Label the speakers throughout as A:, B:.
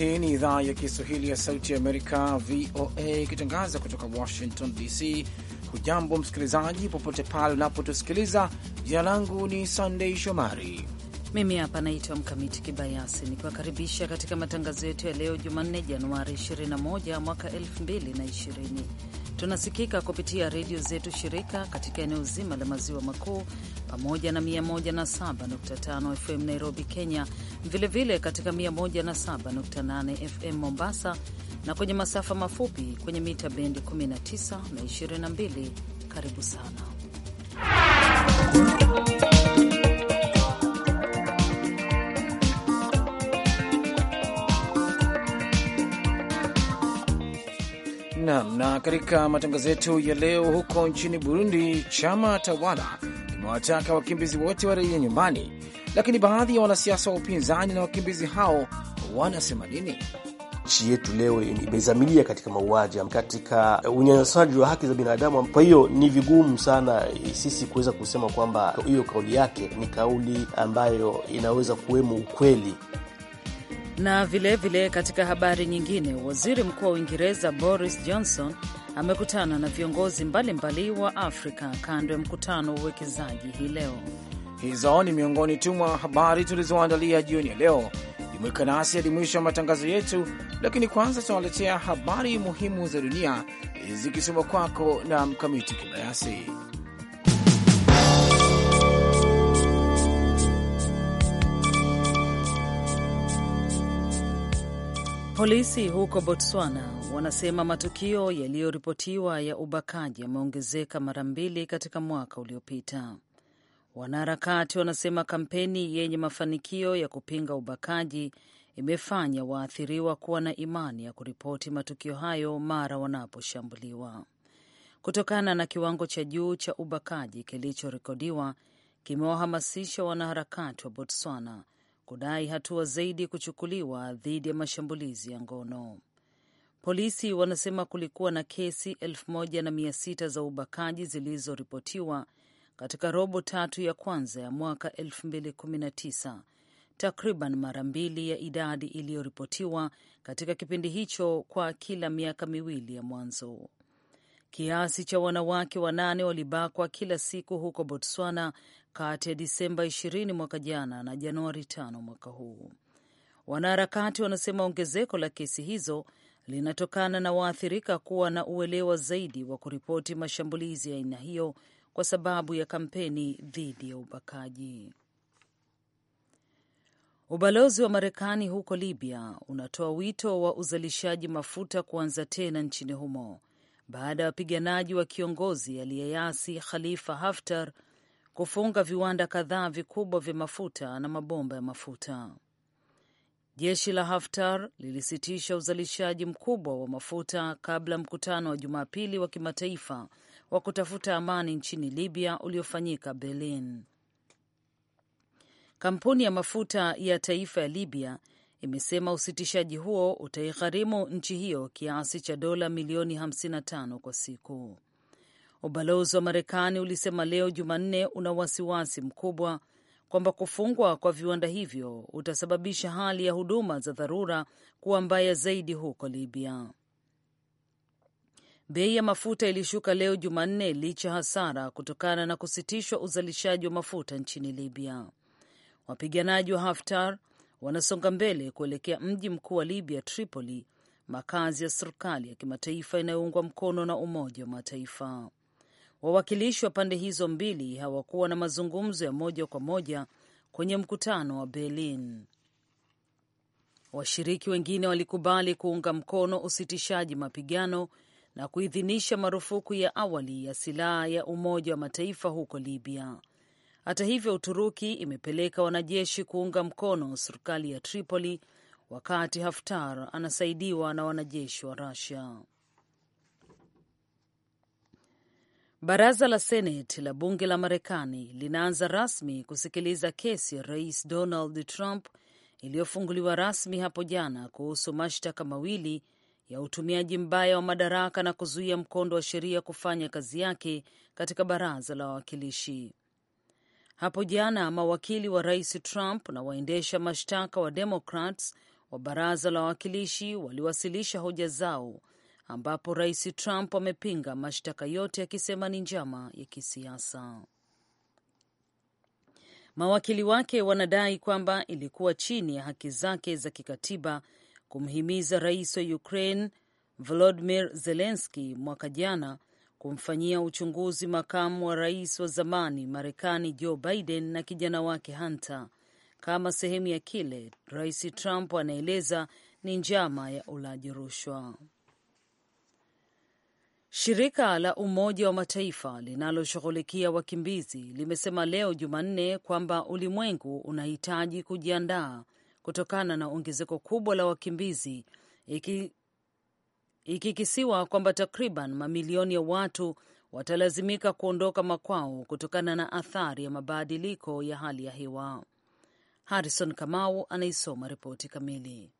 A: Hii ni idhaa ya Kiswahili ya Sauti ya Amerika, VOA, ikitangaza kutoka Washington DC. Hujambo msikilizaji, popote pale unapotusikiliza. Jina langu ni Sandei Shomari,
B: mimi hapa naitwa Mkamiti Kibayasi, nikiwakaribisha katika matangazo yetu ya leo Jumanne, Januari 21 mwaka 2020. Tunasikika kupitia redio zetu shirika katika eneo zima la maziwa makuu pamoja na 107.5 FM Nairobi, Kenya, vilevile vile katika 107.8 FM Mombasa, na kwenye masafa mafupi kwenye mita bendi 19 na 22. Karibu sana
A: Naam, na katika matangazo yetu ya leo, huko nchini Burundi, chama tawala kimewataka wakimbizi wote warejea nyumbani, lakini baadhi ya wanasiasa wa upinzani na wakimbizi hao wanasema nini?
C: Nchi yetu leo imezamilia katika mauaji, katika unyanyasaji wa haki za binadamu. Kwa hiyo ni vigumu sana sisi kuweza kusema kwamba hiyo kauli yake ni kauli ambayo inaweza kuwemo ukweli.
B: Na vilevile vile katika habari nyingine, waziri mkuu wa Uingereza Boris Johnson amekutana na viongozi mbalimbali wa Afrika kando ya mkutano wa uwekezaji hii leo.
A: Hizo ni miongoni tu mwa habari tulizoandalia jioni ya leo. Jumuika nasi hadi mwisho wa matangazo yetu, lakini kwanza tunawaletea habari muhimu za dunia zikisoma kwako na Mkamiti Kibayasi.
B: Polisi huko Botswana wanasema matukio yaliyoripotiwa ya ubakaji yameongezeka mara mbili katika mwaka uliopita. Wanaharakati wanasema kampeni yenye mafanikio ya kupinga ubakaji imefanya waathiriwa kuwa na imani ya kuripoti matukio hayo mara wanaposhambuliwa. Kutokana na kiwango cha juu cha ubakaji kilichorekodiwa, kimewahamasisha wanaharakati wa Botswana kudai hatua zaidi kuchukuliwa dhidi ya mashambulizi ya ngono. Polisi wanasema kulikuwa na kesi elfu za ubakaji zilizoripotiwa katika robo tatu ya kwanza ya mwaka 2019, takriban mara mbili ya idadi iliyoripotiwa katika kipindi hicho kwa kila miaka miwili ya mwanzo. Kiasi cha wanawake wanane walibakwa kila siku huko Botswana kati ya Disemba 20 mwaka jana na Januari 5 mwaka huu. Wanaharakati wanasema ongezeko la kesi hizo linatokana na waathirika kuwa na uelewa zaidi wa kuripoti mashambulizi ya aina hiyo kwa sababu ya kampeni dhidi ya ubakaji. Ubalozi wa Marekani huko Libya unatoa wito wa uzalishaji mafuta kuanza tena nchini humo baada ya wapiganaji wa kiongozi aliyeasi Khalifa Haftar kufunga viwanda kadhaa vikubwa vya mafuta na mabomba ya mafuta. Jeshi la Haftar lilisitisha uzalishaji mkubwa wa mafuta kabla mkutano wa Jumapili wa kimataifa wa kutafuta amani nchini Libya uliofanyika Berlin. Kampuni ya mafuta ya taifa ya Libya imesema usitishaji huo utaigharimu nchi hiyo kiasi cha dola milioni 55 kwa siku. Ubalozi wa Marekani ulisema leo Jumanne una wasiwasi mkubwa kwamba kufungwa kwa viwanda hivyo utasababisha hali ya huduma za dharura kuwa mbaya zaidi huko Libya. Bei ya mafuta ilishuka leo Jumanne licha hasara kutokana na kusitishwa uzalishaji wa mafuta nchini Libya. Wapiganaji wa Haftar wanasonga mbele kuelekea mji mkuu wa Libya, Tripoli, makazi ya serikali ya kimataifa inayoungwa mkono na Umoja wa Mataifa. Wawakilishi wa pande hizo mbili hawakuwa na mazungumzo ya moja kwa moja kwenye mkutano wa Berlin. Washiriki wengine walikubali kuunga mkono usitishaji mapigano na kuidhinisha marufuku ya awali ya silaha ya Umoja wa Mataifa huko Libya. Hata hivyo, Uturuki imepeleka wanajeshi kuunga mkono serikali ya Tripoli wakati Haftar anasaidiwa na wanajeshi wa rusia Baraza la Seneti la bunge la Marekani linaanza rasmi kusikiliza kesi ya rais Donald Trump iliyofunguliwa rasmi hapo jana kuhusu mashtaka mawili ya utumiaji mbaya wa madaraka na kuzuia mkondo wa sheria kufanya kazi yake katika baraza la wawakilishi. Hapo jana mawakili wa rais Trump na waendesha mashtaka wa Democrats wa baraza la wawakilishi waliwasilisha hoja zao ambapo Rais Trump amepinga mashtaka yote akisema ni njama ya kisiasa. Mawakili wake wanadai kwamba ilikuwa chini ya haki zake za kikatiba kumhimiza rais wa Ukraine Volodymyr Zelensky mwaka jana kumfanyia uchunguzi makamu wa rais wa zamani Marekani Joe Biden na kijana wake Hunter kama sehemu ya kile Rais Trump anaeleza ni njama ya ulaji rushwa. Shirika la Umoja wa Mataifa linaloshughulikia wakimbizi limesema leo Jumanne kwamba ulimwengu unahitaji kujiandaa kutokana na ongezeko kubwa la wakimbizi iki ikikisiwa kwamba takriban mamilioni ya watu watalazimika kuondoka makwao kutokana na athari ya mabadiliko ya hali ya hewa. Harrison Kamau anaisoma ripoti kamili.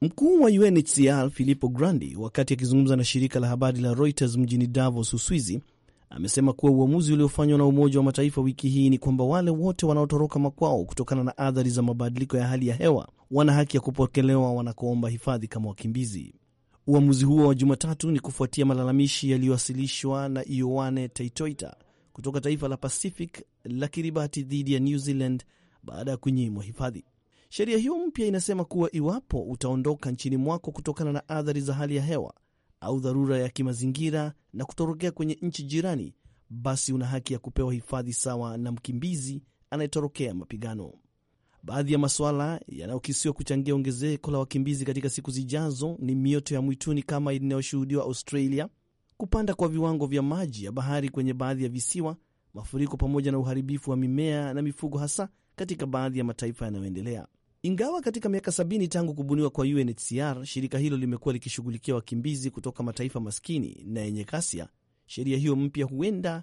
C: Mkuu wa UNHCR Filippo Grandi, wakati akizungumza na shirika la habari la Reuters mjini Davos, Uswizi, amesema kuwa uamuzi uliofanywa na Umoja wa Mataifa wiki hii ni kwamba wale wote wanaotoroka makwao kutokana na athari za mabadiliko ya hali ya hewa wana haki ya kupokelewa wanakoomba hifadhi kama wakimbizi. Uamuzi huo wa Jumatatu ni kufuatia malalamishi yaliyowasilishwa na Ioane Taitoita kutoka taifa la Pacific la Kiribati dhidi ya New Zealand baada ya kunyimwa hifadhi. Sheria hiyo mpya inasema kuwa iwapo utaondoka nchini mwako kutokana na athari za hali ya hewa au dharura ya kimazingira na kutorokea kwenye nchi jirani, basi una haki ya kupewa hifadhi sawa na mkimbizi anayetorokea mapigano. Baadhi ya masuala yanayokisiwa kuchangia ongezeko la wakimbizi katika siku zijazo ni mioto ya mwituni kama inayoshuhudiwa Australia, kupanda kwa viwango vya maji ya bahari kwenye baadhi ya visiwa, mafuriko pamoja na uharibifu wa mimea na mifugo, hasa katika baadhi ya mataifa yanayoendelea. Ingawa katika miaka sabini tangu kubuniwa kwa UNHCR, shirika hilo limekuwa likishughulikia wakimbizi kutoka mataifa maskini na yenye ghasia, sheria hiyo mpya huenda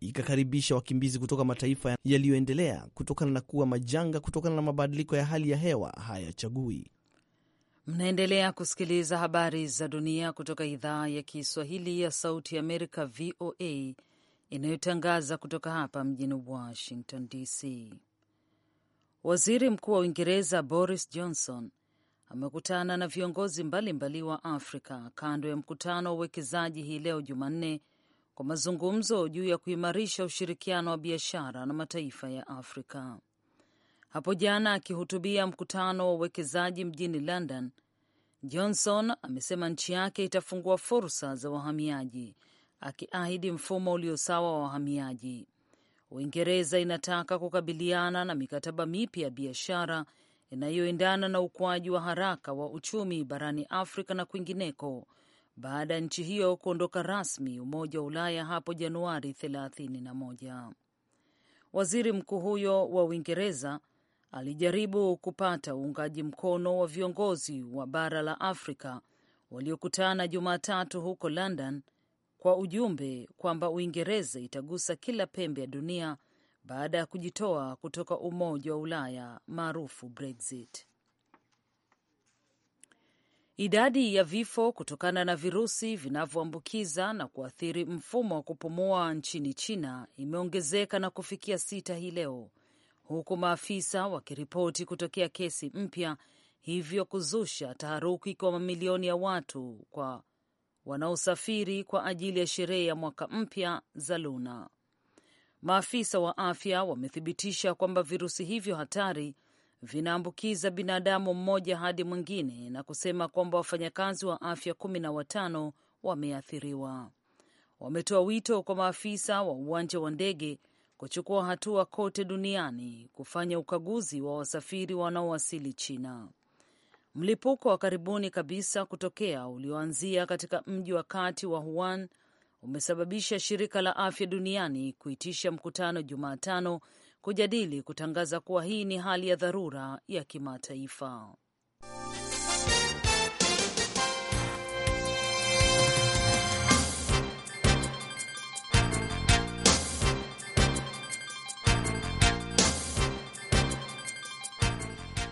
C: ikakaribisha wakimbizi kutoka mataifa yaliyoendelea kutokana na kuwa majanga kutokana na mabadiliko ya hali ya hewa hayachagui.
B: Mnaendelea kusikiliza habari za dunia kutoka idhaa ya Kiswahili ya Sauti ya Amerika, VOA, inayotangaza kutoka hapa mjini Washington DC. Waziri Mkuu wa Uingereza Boris Johnson amekutana na viongozi mbalimbali wa Afrika kando ya mkutano wa uwekezaji hii leo Jumanne kwa mazungumzo juu ya kuimarisha ushirikiano wa biashara na mataifa ya Afrika. Hapo jana akihutubia mkutano wa uwekezaji mjini London, Johnson amesema nchi yake itafungua fursa za wahamiaji, akiahidi mfumo uliosawa wa wahamiaji. Uingereza inataka kukabiliana na mikataba mipya ya biashara inayoendana na ukuaji wa haraka wa uchumi barani Afrika na kwingineko baada ya nchi hiyo kuondoka rasmi Umoja wa Ulaya hapo Januari 31. Waziri mkuu huyo wa Uingereza alijaribu kupata uungaji mkono wa viongozi wa bara la Afrika waliokutana Jumatatu huko London kwa ujumbe kwamba Uingereza itagusa kila pembe ya dunia baada ya kujitoa kutoka Umoja wa Ulaya maarufu Brexit. Idadi ya vifo kutokana na virusi vinavyoambukiza na kuathiri mfumo wa kupumua nchini China imeongezeka na kufikia sita hii leo, huku maafisa wakiripoti kutokea kesi mpya, hivyo kuzusha taharuki kwa mamilioni ya watu kwa wanaosafiri kwa ajili ya sherehe ya mwaka mpya za Luna. Maafisa wa afya wamethibitisha kwamba virusi hivyo hatari vinaambukiza binadamu mmoja hadi mwingine na kusema kwamba wafanyakazi wa afya kumi na watano wameathiriwa. Wametoa wito kwa maafisa wa uwanja wa ndege kuchukua hatua kote duniani kufanya ukaguzi wa wasafiri wanaowasili China. Mlipuko wa karibuni kabisa kutokea ulioanzia katika mji wa kati wa Wuhan umesababisha shirika la afya duniani kuitisha mkutano Jumatano kujadili kutangaza kuwa hii ni hali ya dharura ya kimataifa.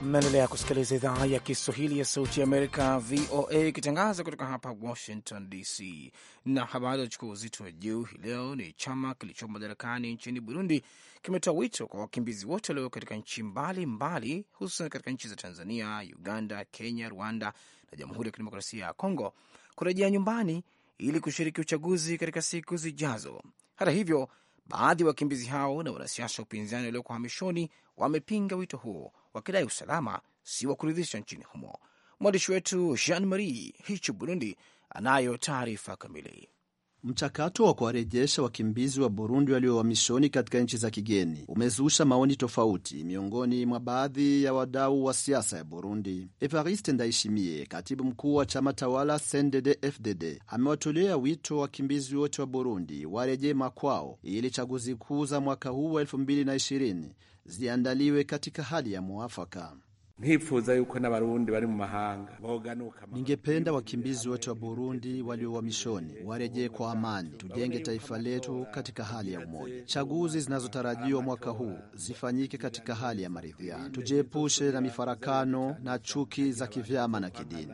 A: Mnaendelea kusikiliza idhaa ya Kiswahili ya Sauti ya Amerika, VOA, ikitangaza kutoka hapa Washington DC. Na habari achukua uzito wa juu hii leo ni chama kilicho madarakani nchini Burundi kimetoa wito kwa wakimbizi wote walio katika nchi mbalimbali, hususan katika nchi za Tanzania, Uganda, Kenya, Rwanda na Jamhuri ya Kidemokrasia ya Kongo kurejea nyumbani ili kushiriki uchaguzi katika siku zijazo. Hata hivyo Baadhi ya wakimbizi hao na wanasiasa wa upinzani walioko hamishoni wamepinga wito huo, wakidai usalama si wa kuridhisha nchini humo. Mwandishi wetu Jean Marie Hichu Burundi anayo taarifa kamili.
D: Mchakato wa kuwarejesha wakimbizi wa Burundi walio uhamishoni katika nchi za kigeni umezusha maoni tofauti miongoni mwa baadhi ya wadau wa siasa ya Burundi. Evariste Ndayishimiye, katibu mkuu wa chama tawala CNDD-FDD, amewatolea wito wakimbizi wote wa Burundi warejee makwao ili chaguzi kuu za mwaka huu wa 2020 ziandaliwe katika hali ya mwafaka. Ningependa wakimbizi wote wa Burundi waliowamishoni warejee kwa amani, tujenge taifa letu katika hali ya umoja. Chaguzi zinazotarajiwa mwaka huu zifanyike katika hali ya maridhiano, tujiepushe na mifarakano na chuki za kivyama na kidini.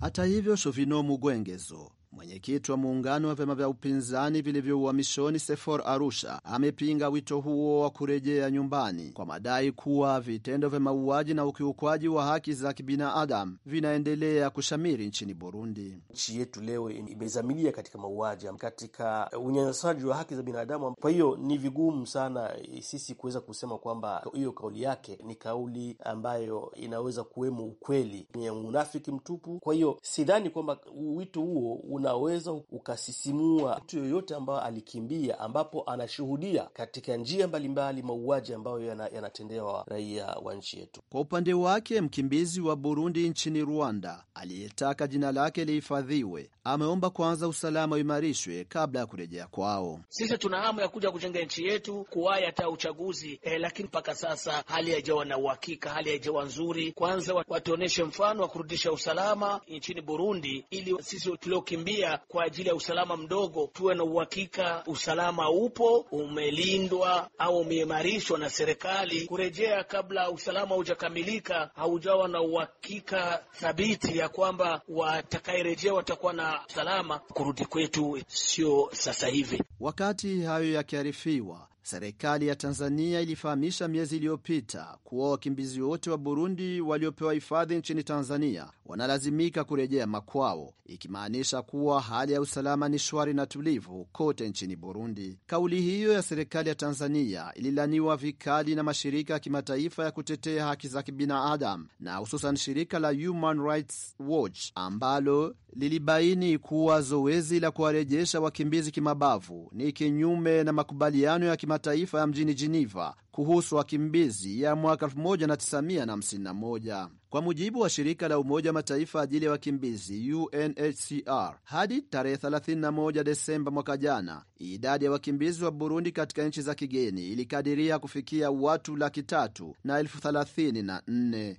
D: Hata hivyo, Shovino Mugwengezo Mwenyekiti wa muungano wa vyama vya upinzani vilivyo uhamishoni Sefor Arusha amepinga wito huo wa kurejea nyumbani kwa madai kuwa vitendo vya mauaji na ukiukwaji wa haki za kibinadamu vinaendelea kushamiri nchini Burundi. Nchi yetu leo imezamilia katika mauaji,
C: katika unyanyasaji wa haki za binadamu. Kwa hiyo ni vigumu sana eh, sisi kuweza kusema kwamba hiyo kauli yake ni kauli ambayo inaweza kuwemo ukweli, ni unafiki mtupu. Kwa hiyo sidhani kwamba wito huo una unaweza ukasisimua mtu yoyote ambayo alikimbia, ambapo anashuhudia katika njia mbalimbali mauaji ambayo yanatendewa raia wa nchi yetu.
D: Kwa upande wake, mkimbizi wa Burundi nchini Rwanda aliyetaka jina lake lihifadhiwe ameomba kwanza usalama uimarishwe kabla ya kurejea kwao.
C: Sisi tuna hamu ya kuja kujenga nchi yetu, kuwaya hata uchaguzi eh, lakini mpaka sasa hali haijawa na uhakika, hali haijawa nzuri. Kwanza watuonyeshe mfano wa kurudisha usalama nchini Burundi ili sisi tuliokimbia raia kwa ajili ya usalama mdogo, tuwe na uhakika usalama upo, umelindwa au umeimarishwa na serikali. Kurejea kabla usalama haujakamilika, haujawa na uhakika thabiti ya kwamba watakayerejea watakuwa na usalama kurudi kwetu sio sasa hivi.
D: Wakati hayo yakiarifiwa Serikali ya Tanzania ilifahamisha miezi iliyopita kuwa wakimbizi wote wa Burundi waliopewa hifadhi nchini Tanzania wanalazimika kurejea makwao, ikimaanisha kuwa hali ya usalama ni shwari na tulivu kote nchini Burundi. Kauli hiyo ya serikali ya Tanzania ililaniwa vikali na mashirika ya kimataifa ya kutetea haki za kibinadamu na hususan shirika la Human Rights Watch ambalo lilibaini kuwa zoezi la kuwarejesha wakimbizi kimabavu ni kinyume na makubaliano ya kimataifa ya mjini Geneva kuhusu wakimbizi ya mwaka 1951. Kwa mujibu wa shirika la Umoja wa Mataifa ajili ya wakimbizi UNHCR, hadi tarehe 31 Desemba mwaka jana, idadi ya wakimbizi wa Burundi katika nchi za kigeni ilikadiria kufikia watu laki tatu na elfu thelathini na nne.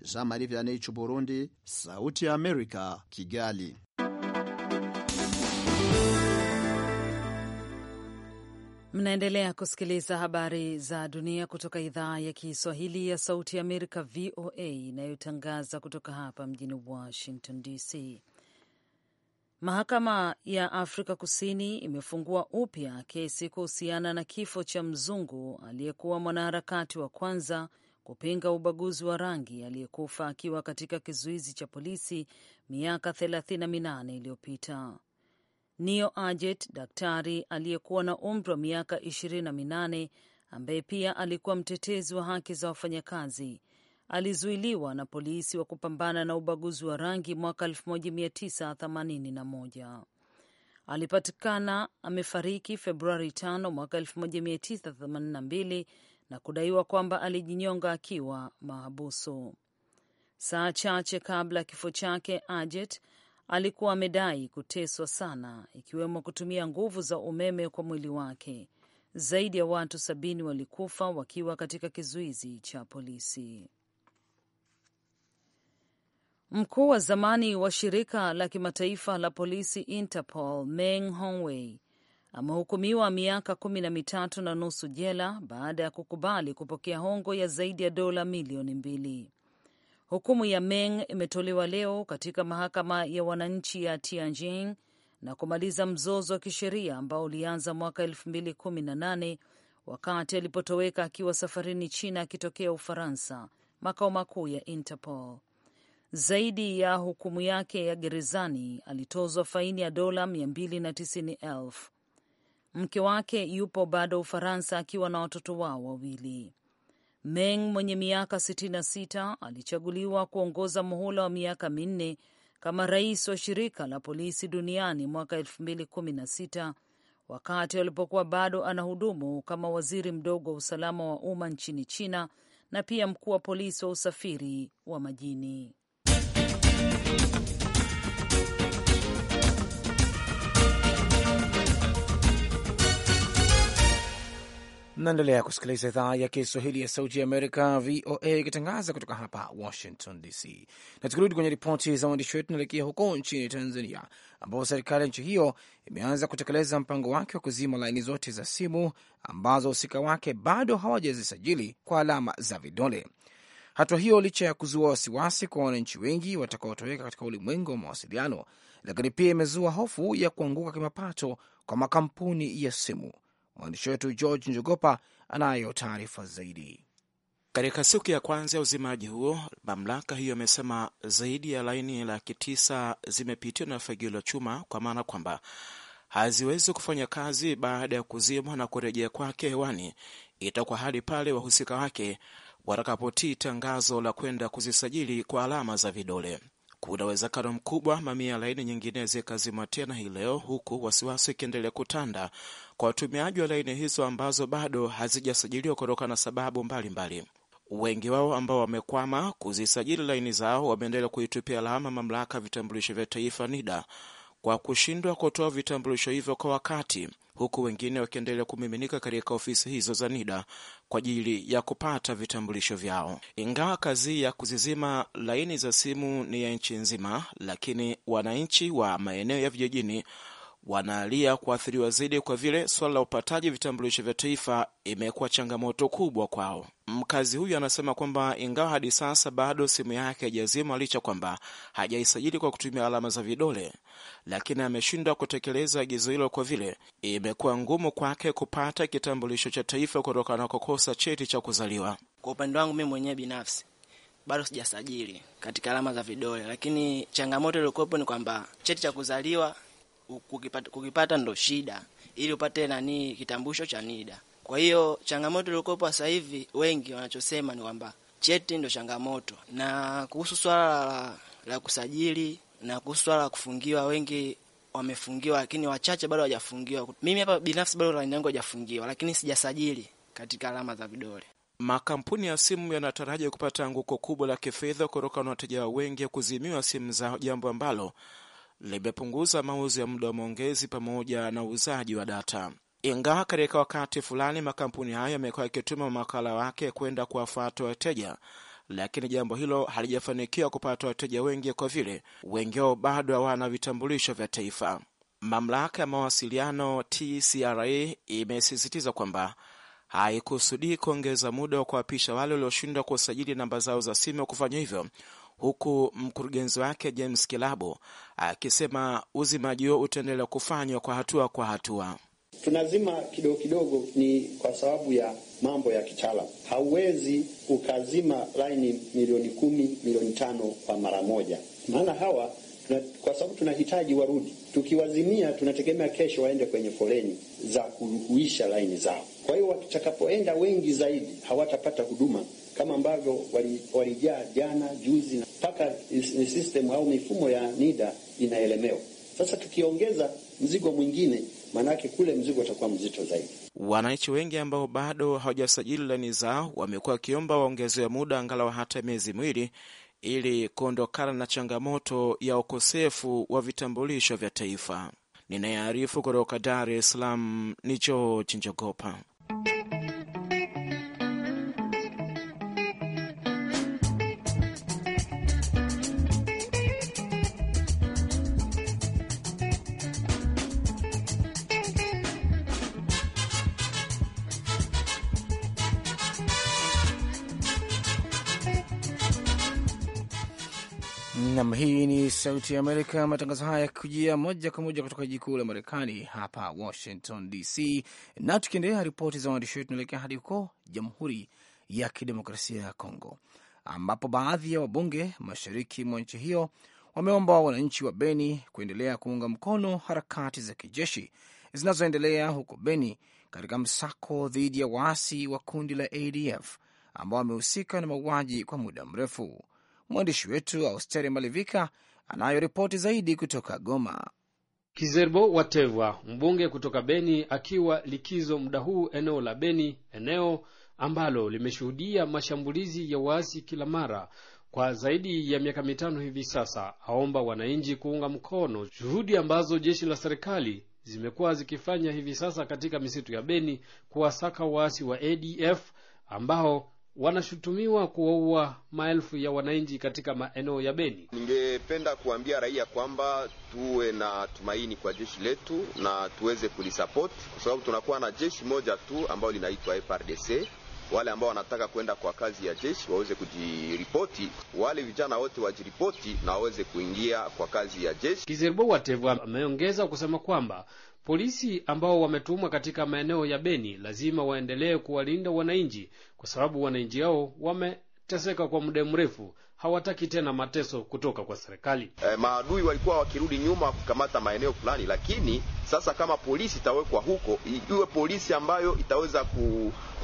D: Burundi, Sauti ya Amerika, Kigali.
B: Mnaendelea kusikiliza habari za dunia kutoka idhaa ya Kiswahili ya Sauti ya Amerika, VOA, inayotangaza kutoka hapa mjini Washington DC. Mahakama ya Afrika Kusini imefungua upya kesi kuhusiana na kifo cha mzungu aliyekuwa mwanaharakati wa kwanza kupinga ubaguzi wa rangi aliyekufa akiwa katika kizuizi cha polisi miaka 38 iliyopita. Neo Ajet, daktari aliyekuwa na umri wa miaka ishirini na minane ambaye pia alikuwa mtetezi wa haki za wafanyakazi alizuiliwa na polisi wa kupambana na ubaguzi wa rangi mwaka 1981. Alipatikana amefariki Februari 5 mwaka 1982 na kudaiwa kwamba alijinyonga akiwa mahabusu. Saa chache kabla ya kifo chake, Ajet alikuwa amedai kuteswa sana, ikiwemo kutumia nguvu za umeme kwa mwili wake. Zaidi ya watu sabini walikufa wakiwa katika kizuizi cha polisi. Mkuu wa zamani wa shirika la kimataifa la polisi Interpol Meng Hongwei amehukumiwa miaka kumi na mitatu na nusu jela baada ya kukubali kupokea hongo ya zaidi ya dola milioni mbili. Hukumu ya Meng imetolewa leo katika mahakama ya wananchi ya Tianjin na kumaliza mzozo wa kisheria ambao ulianza mwaka 2018 wakati alipotoweka akiwa safarini China akitokea Ufaransa, makao makuu ya Interpol. Zaidi ya hukumu yake ya gerezani, alitozwa faini ya dola 290,000. Mke wake yupo bado Ufaransa akiwa na watoto wao wawili. Meng mwenye miaka 66 alichaguliwa kuongoza muhula wa miaka minne kama rais wa shirika la polisi duniani mwaka 2016 wakati alipokuwa bado anahudumu kama waziri mdogo wa usalama wa umma nchini China na pia mkuu wa polisi wa usafiri wa majini.
A: naendelea kusikiliza idhaa ya Kiswahili ya Sauti ya Amerika, VOA, ikitangaza kutoka hapa Washington DC. Na tukirudi kwenye ripoti za waandishi wetu, tunaelekea huko nchini Tanzania, ambapo serikali ya nchi hiyo imeanza kutekeleza mpango wake wa kuzima laini zote za simu ambazo wahusika wake bado hawajazisajili kwa alama za vidole. Hatua hiyo licha ya kuzua wasiwasi kwa wananchi wengi watakaotoweka katika ulimwengu wa mawasiliano, lakini pia imezua hofu ya kuanguka kimapato kwa makampuni ya simu. Mwandishi wetu George Njogopa anayo taarifa zaidi.
E: Katika siku ya kwanza ya uzimaji huo, mamlaka hiyo amesema zaidi ya laini laki tisa zimepitiwa na fagio la chuma, kwa maana kwamba haziwezi kufanya kazi baada ya kuzimwa na kurejea kwake hewani itakuwa hadi pale wahusika wake watakapotii tangazo la kwenda kuzisajili kwa alama za vidole. Kuna uwezekano mkubwa mamia ya laini nyingine zikazimwa tena hii leo, huku wasiwasi ikiendelea kutanda kwa watumiaji wa laini hizo ambazo bado hazijasajiliwa kutokana na sababu mbalimbali mbali. Wengi wao ambao wamekwama kuzisajili laini zao wameendelea kuitupia lawama mamlaka ya vitambulisho vya taifa NIDA kwa kushindwa kutoa vitambulisho hivyo kwa wakati, huku wengine wakiendelea kumiminika katika ofisi hizo za NIDA kwa ajili ya kupata vitambulisho vyao. Ingawa kazi ya kuzizima laini za simu ni ya nchi nzima, lakini wananchi wa maeneo ya vijijini wanaalia kuathiriwa zaidi kwa vile suala la upataji vitambulisho vya taifa imekuwa changamoto kubwa kwao. Mkazi huyu anasema kwamba ingawa hadi sasa bado simu yake haijazima licha kwamba hajaisajili kwa kutumia alama za vidole, lakini ameshindwa kutekeleza agizo hilo kwa vile imekuwa ngumu kwake kupata kitambulisho cha taifa kutokana na kukosa cheti cha kuzaliwa. Kwa upande wangu mimi mwenyewe binafsi bado sijasajili katika alama za vidole, lakini changamoto iliyokuwepo ni kwamba cheti cha kuzaliwa kukipata, kukipata ndo shida ili upate nani kitambulisho cha NIDA. Kwa hiyo changamoto iliyokuwepo sasa hivi wengi wanachosema ni kwamba cheti ndo changamoto, na kuhusu swala la, la kusajili na kuhusu swala la kufungiwa, wengi wamefungiwa, lakini wachache bado hawajafungiwa. Mimi hapa binafsi bado laini yangu hajafungiwa, lakini sijasajili katika alama za vidole. Makampuni ya simu yanataraja kupata anguko kubwa la kifedha kutokana na wateja wengi ya kuzimiwa simu zao, jambo ambalo limepunguza mauzo ya muda wa maongezi pamoja na uuzaji wa data, ingawa katika wakati fulani makampuni hayo yamekuwa yakituma mawakala wake kwenda kuwafuata wateja, lakini jambo hilo halijafanikiwa kupata wateja wengi kwa vile wengi wao bado hawana vitambulisho vya taifa. Mamlaka ya mawasiliano TCRA imesisitiza kwamba haikusudii kuongeza muda wa kuwapisha wale walioshindwa kusajili namba zao za simu kufanya hivyo huku mkurugenzi wake James Kilabo akisema uzimaji huo utaendelea kufanywa kwa hatua kwa hatua.
F: Tunazima kidogo kidogo, ni kwa sababu ya mambo ya kitaalamu.
D: Hauwezi ukazima laini milioni kumi, milioni tano kwa mara moja, maana hawa tuna, kwa sababu tunahitaji warudi. Tukiwazimia tunategemea kesho waende kwenye
F: foleni za kuhuisha laini zao. Kwa hiyo watakapoenda wengi zaidi hawatapata huduma kama ambavyo walijaa jana juzi, mpaka ni system au
D: mifumo ya NIDA inaelemewa. Sasa tukiongeza mzigo mwingine, maanake kule mzigo
F: utakuwa mzito zaidi.
E: Wananchi wengi ambao bado hawajasajili laini zao wamekuwa wakiomba waongezewe muda angalau hata miezi miwili ili kuondokana na changamoto ya ukosefu wa vitambulisho vya taifa. Ninayearifu kutoka Dar es Salaam ni George Njogopa.
A: Nam, hii ni Sauti ya Amerika, matangazo haya yakikujia moja kwa moja kutoka jiji kuu la Marekani hapa Washington DC. Na tukiendelea ripoti za waandishi wetu, tunaelekea hadi huko Jamhuri ya Kidemokrasia ya Kongo, ambapo baadhi ya wabunge mashariki mwa nchi hiyo wameomba wananchi wa Beni kuendelea kuunga mkono harakati za kijeshi zinazoendelea huko Beni katika msako dhidi ya waasi wa kundi la ADF ambao wamehusika na mauaji kwa muda mrefu. Mwandishi wetu Austeri Malivika
F: anayo ripoti zaidi kutoka Goma. Kizerbo Watevwa, mbunge kutoka Beni, akiwa likizo muda huu eneo la Beni, eneo ambalo limeshuhudia mashambulizi ya waasi kila mara kwa zaidi ya miaka mitano hivi sasa, aomba wananchi kuunga mkono juhudi ambazo jeshi la serikali zimekuwa zikifanya hivi sasa katika misitu ya Beni kuwasaka waasi wa ADF ambao wanashutumiwa kuwaua maelfu ya wananchi katika maeneo ya Beni. Ningependa kuambia raia kwamba tuwe na tumaini kwa jeshi letu na tuweze kulisapoti, kwa sababu tunakuwa na jeshi moja tu ambayo linaitwa FRDC. Wale ambao wanataka kwenda kwa kazi ya jeshi waweze kujiripoti, wale vijana wote wajiripoti na waweze kuingia kwa kazi ya jeshi. Kizerbo Watevu ameongeza kusema kwamba polisi ambao wametumwa katika maeneo ya Beni lazima waendelee kuwalinda wananchi kwa sababu wananchi hao wameteseka kwa muda mrefu, hawataki tena mateso kutoka kwa serikali. E, maadui walikuwa wakirudi nyuma kukamata maeneo fulani, lakini sasa kama polisi itawekwa huko, iwe polisi ambayo itaweza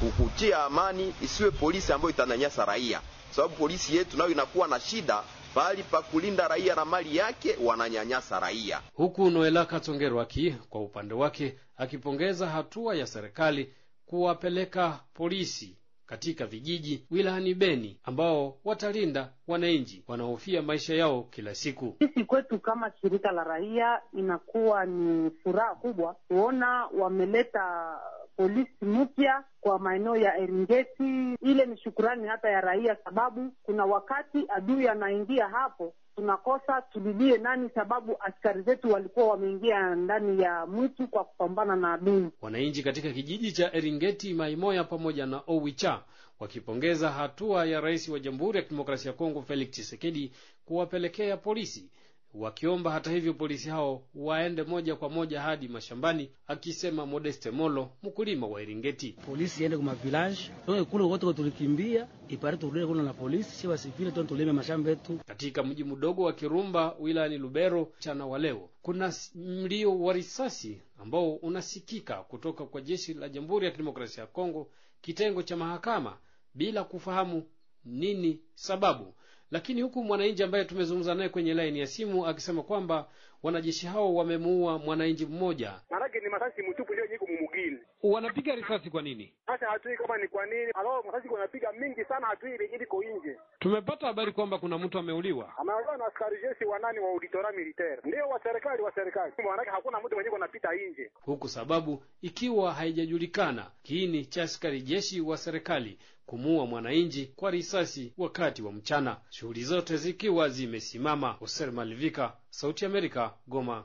F: kukutia amani, isiwe polisi ambayo itananyasa raia, kwa sababu polisi yetu nayo inakuwa na shida bali pa kulinda raia na mali yake, wananyanyasa raia. Huku Noela Katongerwaki kwa upande wake akipongeza hatua ya serikali kuwapeleka polisi katika vijiji wilayani Beni ambao watalinda wananchi wanaohofia maisha yao kila siku.
B: Sisi kwetu kama shirika la raia, inakuwa ni furaha kubwa kuona wameleta polisi mpya kwa maeneo ya Eringeti. Ile ni shukurani hata ya raia, sababu kuna wakati adui anaingia hapo tunakosa tulilie nani, sababu askari zetu walikuwa wameingia ndani ya mwitu kwa kupambana
F: na adui. Wananchi katika kijiji cha Eringeti, Maimoya pamoja na Owicha wakipongeza hatua ya rais wa Jamhuri ya Kidemokrasia ya Kongo Felix Tshisekedi kuwapelekea polisi wakiomba hata hivyo polisi hao waende moja kwa moja hadi mashambani, akisema Modeste Molo, mkulima wa Iringeti. Polisi iende kwa village toke kule wote kwa tulikimbia ipare turudie kuna na polisi si wasifile tu tuleme mashamba yetu. Katika mji mdogo wa Kirumba wilayani Lubero chana wa leo kuna mlio wa risasi ambao unasikika kutoka kwa jeshi la Jamhuri ya Kidemokrasia ya Kongo kitengo cha mahakama bila kufahamu nini sababu lakini huku mwananchi ambaye tumezungumza naye kwenye laini ya simu akisema kwamba wanajeshi hao wamemuua mwananchi mmoja. Maanake ni masasi mtupu, ndio nyiko mumugini. Wanapiga risasi kwa nini? Hata hatui kama ni kwa nini, Alao masasi wanapiga mingi sana, hatui iliko nje. Tumepata habari kwamba kuna mtu ameuliwa, ameuliwa na askari jeshi wanani wa auditora militaire, ndio wa serikali wa serikali, maanake hakuna mtu mwenye anapita nje, huku sababu ikiwa haijajulikana kiini cha askari jeshi wa serikali kumuua mwananchi kwa risasi wakati wa mchana, shughuli zote zikiwa zimesimama. Hoser Malivika, Sauti Amerika, Goma.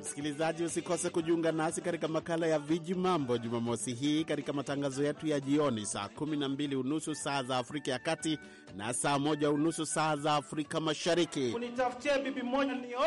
F: Msikilizaji, usikose kujiunga nasi katika makala ya Viji Mambo Jumamosi hii katika matangazo yetu ya jioni saa 12 unusu saa za Afrika ya Kati na saa 1 unusu saa za Afrika Mashariki.
E: Unitafutie bibi moja nioe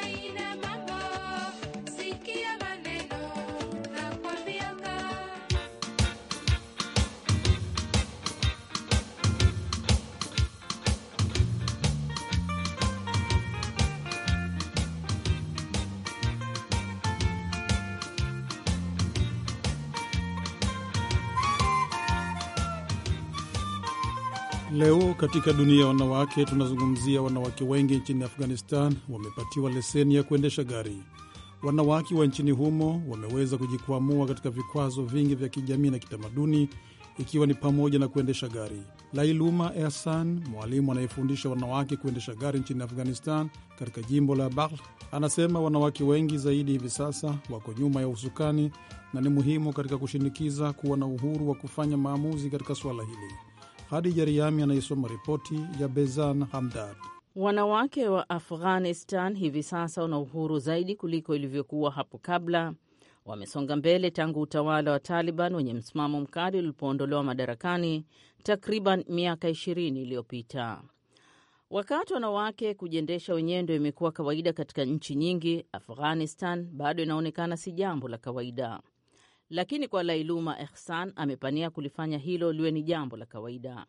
E: Leo katika dunia ya wanawake tunazungumzia wanawake wengi nchini Afghanistan wamepatiwa leseni ya kuendesha gari. Wanawake wa nchini humo wameweza kujikwamua katika vikwazo vingi vya kijamii na kitamaduni, ikiwa ni pamoja na kuendesha gari. Lailuma Ehsan, mwalimu anayefundisha wanawake kuendesha gari nchini Afghanistan katika jimbo la Balkh, anasema wanawake wengi zaidi hivi sasa wako nyuma ya usukani na ni muhimu katika kushinikiza kuwa na uhuru wa
F: kufanya maamuzi katika suala hili. Hadija Riami anayesoma ripoti ya Bezan
B: Hamdad.
G: Wanawake wa Afghanistan hivi sasa wana uhuru zaidi kuliko ilivyokuwa hapo kabla. Wamesonga mbele tangu utawala wa Taliban wenye msimamo mkali ulipoondolewa madarakani takriban miaka ishirini iliyopita. Wakati wanawake kujiendesha wenyewe ndio imekuwa kawaida katika nchi nyingi, Afghanistan bado inaonekana si jambo la kawaida lakini kwa Lailuma Ehsan amepania kulifanya hilo liwe ni jambo la kawaida.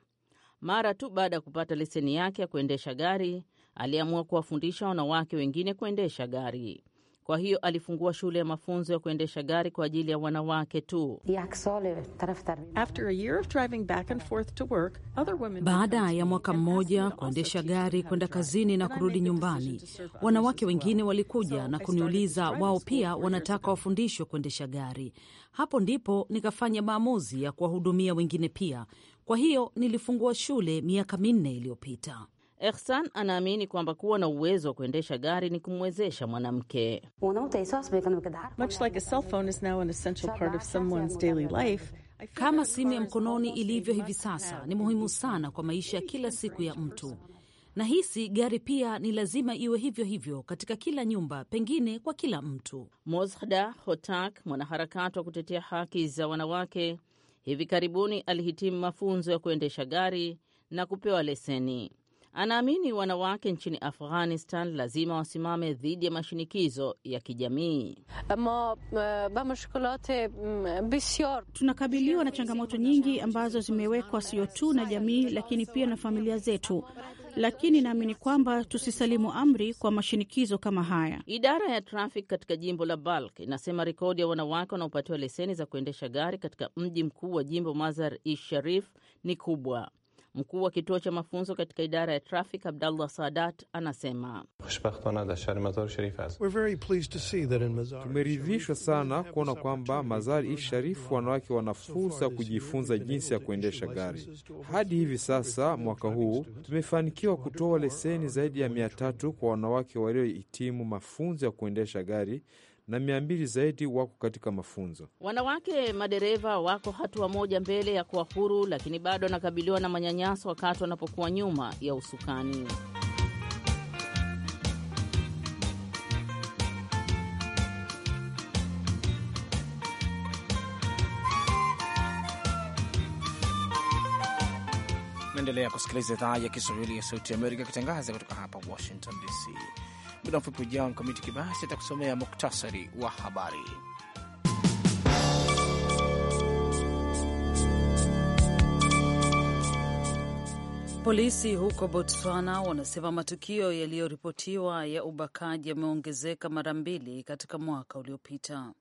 G: Mara tu baada ya kupata leseni yake ya kuendesha gari, aliamua kuwafundisha wanawake wengine kuendesha gari. Kwa hiyo alifungua shule ya mafunzo ya kuendesha gari kwa ajili ya wanawake tu. Baada
B: ya mwaka mmoja kuendesha gari kwenda kazini na kurudi nyumbani, wanawake wengine walikuja na kuniuliza wao pia wanataka wafundishwe kuendesha gari. Hapo ndipo nikafanya maamuzi ya kuwahudumia wengine pia. Kwa hiyo nilifungua shule miaka minne iliyopita.
G: Ehsan anaamini kwamba kuwa na uwezo wa kuendesha gari ni kumwezesha mwanamke.
B: Kama simu ya mkononi ilivyo hivi sasa, ni muhimu sana kwa maisha ya kila siku ya mtu. Nahisi gari pia ni lazima iwe hivyo hivyo katika kila nyumba, pengine kwa kila mtu. Mozhda
G: Hotak, mwanaharakati wa kutetea haki za wanawake, hivi karibuni alihitimu mafunzo ya kuendesha gari na kupewa leseni anaamini wanawake nchini Afghanistan lazima wasimame dhidi ya mashinikizo ya kijamii. Eh, mm, Tunakabiliwa na changamoto nyingi ambazo zimewekwa sio tu na jamii, lakini pia na familia zetu, lakini naamini kwamba tusisalimu amri kwa mashinikizo kama haya. Idara ya trafiki katika jimbo la Balk inasema rekodi ya wanawake wanaopatiwa leseni za kuendesha gari katika mji mkuu wa jimbo Mazar-i Sharif ni kubwa. Mkuu wa kituo cha mafunzo katika idara ya trafi Abdallah Sadat anasema
E: tumeridhishwa sana kuona kwamba Mazari i Sharifu wanawake wana fursa ya kujifunza jinsi ya kuendesha gari. Hadi hivi sasa mwaka huu tumefanikiwa kutoa leseni zaidi ya mia tatu kwa wanawake waliohitimu mafunzo ya kuendesha gari na mia mbili zaidi wako katika mafunzo.
G: Wanawake madereva wako hatua moja mbele ya kuwa huru, lakini bado wanakabiliwa na manyanyaso wakati wanapokuwa nyuma ya usukani.
A: Naendelea kusikiliza idhaa ya Kiswahili ya Sauti ya Amerika ikitangaza kutoka hapa Washington DC. Muda mfupi ujao, Mkamiti Kibasi atakusomea muktasari wa habari.
B: Polisi huko Botswana wanasema matukio yaliyoripotiwa ya ubakaji yameongezeka mara mbili katika mwaka uliopita.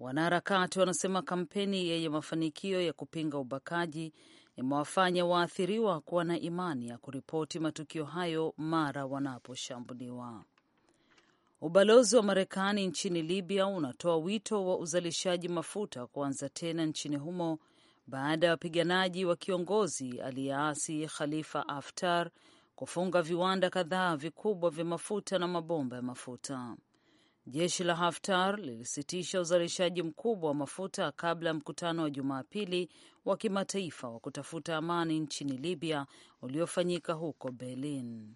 B: Wanaharakati wanasema kampeni yenye mafanikio ya kupinga ubakaji imewafanya waathiriwa kuwa na imani ya kuripoti matukio hayo mara wanaposhambuliwa. Ubalozi wa Marekani nchini Libya unatoa wito wa uzalishaji mafuta kuanza tena nchini humo baada ya wapiganaji wa kiongozi aliyeasi Khalifa Haftar kufunga viwanda kadhaa vikubwa vya mafuta na mabomba ya mafuta. Jeshi la Haftar lilisitisha uzalishaji mkubwa wa mafuta kabla ya mkutano wa Jumapili wa kimataifa wa kutafuta amani nchini Libya uliofanyika huko Berlin.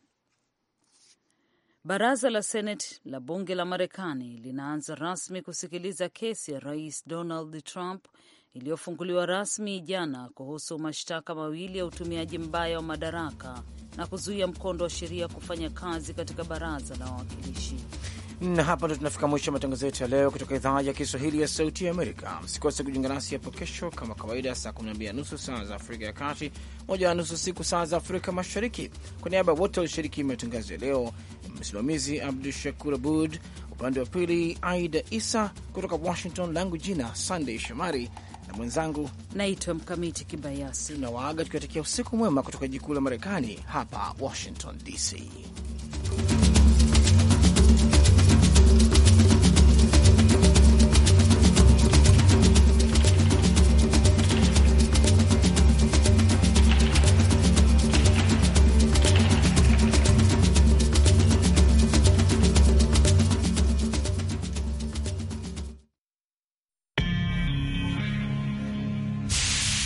B: Baraza la Seneti la bunge la Marekani linaanza rasmi kusikiliza kesi ya Rais Donald Trump iliyofunguliwa rasmi jana kuhusu mashtaka mawili ya utumiaji mbaya wa madaraka na kuzuia mkondo wa sheria kufanya kazi katika baraza la wawakilishi.
A: Na hapa ndo tunafika mwisho matangazo yetu ya leo kutoka idhaa ya Kiswahili ya Sauti ya Amerika. Msikose kujiunga nasi hapo kesho kama kawaida, saa 12 nusu saa za Afrika ya Kati, moja na nusu siku saa za Afrika Mashariki. Kwa niaba ya wote walishiriki matangazo ya leo, msimamizi Abdu Shakur Abud, upande wa pili Aida Isa kutoka Washington, langu jina Sandey Shomari na mwenzangu naitwa Mkamiti Kibayasi. Tunawaaga tukiwatakia usiku mwema kutoka jikuu la Marekani, hapa Washington DC.